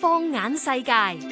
放眼世界。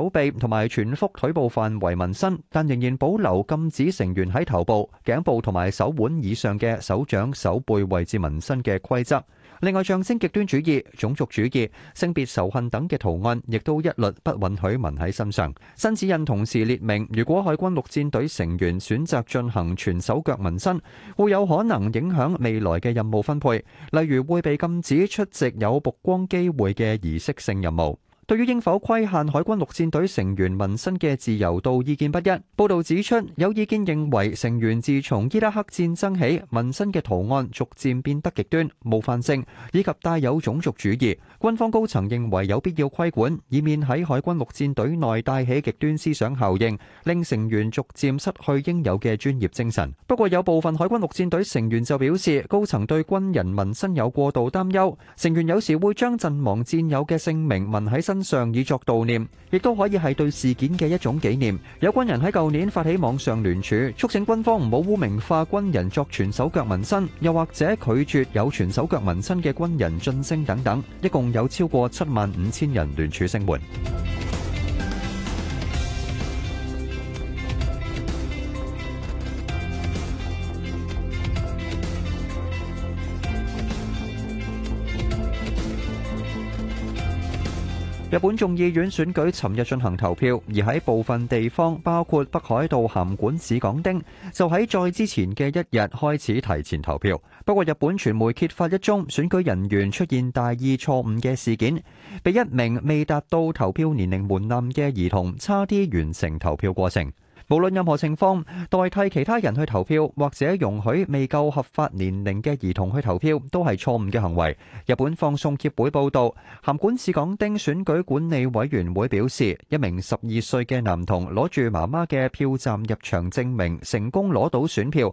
手臂同埋全幅腿部範圍紋身，但仍然保留禁止成員喺頭部、頸部同埋手腕以上嘅手掌、手背位置紋身嘅規則。另外，象徵極端主義、種族主義、性別仇恨等嘅圖案，亦都一律不允許紋喺身上。新指引同時列明，如果海軍陸戰隊成員選擇進行全手腳紋身，會有可能影響未來嘅任務分配，例如會被禁止出席有曝光機會嘅儀式性任務。對於應否規限海軍陸戰隊成員紋身嘅自由度，意見不一。報道指出，有意見認為成員自從伊拉克戰爭起，紋身嘅圖案逐漸變得極端、冒犯性以及帶有種族主義。軍方高層認為有必要規管，以免喺海軍陸戰隊內帶起極端思想效應，令成員逐漸失去應有嘅專業精神。不過，有部分海軍陸戰隊成員就表示，高層對軍人紋身有過度擔憂，成員有時會將陣亡戰友嘅姓名紋喺身。上以作悼念，亦都可以係對事件嘅一種紀念。有軍人喺舊年發起網上聯署，促請軍方唔好污名化軍人作全手腳紋身，又或者拒絕有全手腳紋身嘅軍人晉升等等，一共有超過七萬五千人聯署聲援。日本眾議院選舉尋日進行投票，而喺部分地方，包括北海道函館市港町，就喺再之前嘅一日開始提前投票。不過，日本傳媒揭發一宗選舉人員出現大意錯誤嘅事件，被一名未達到投票年齡門檻嘅兒童差啲完成投票過程。無論任何情況，代替其他人去投票，或者容許未夠合法年齡嘅兒童去投票，都係錯誤嘅行為。日本放送協會報導，函館市港町選舉管理委員會表示，一名十二歲嘅男童攞住媽媽嘅票站入場證明，成功攞到選票。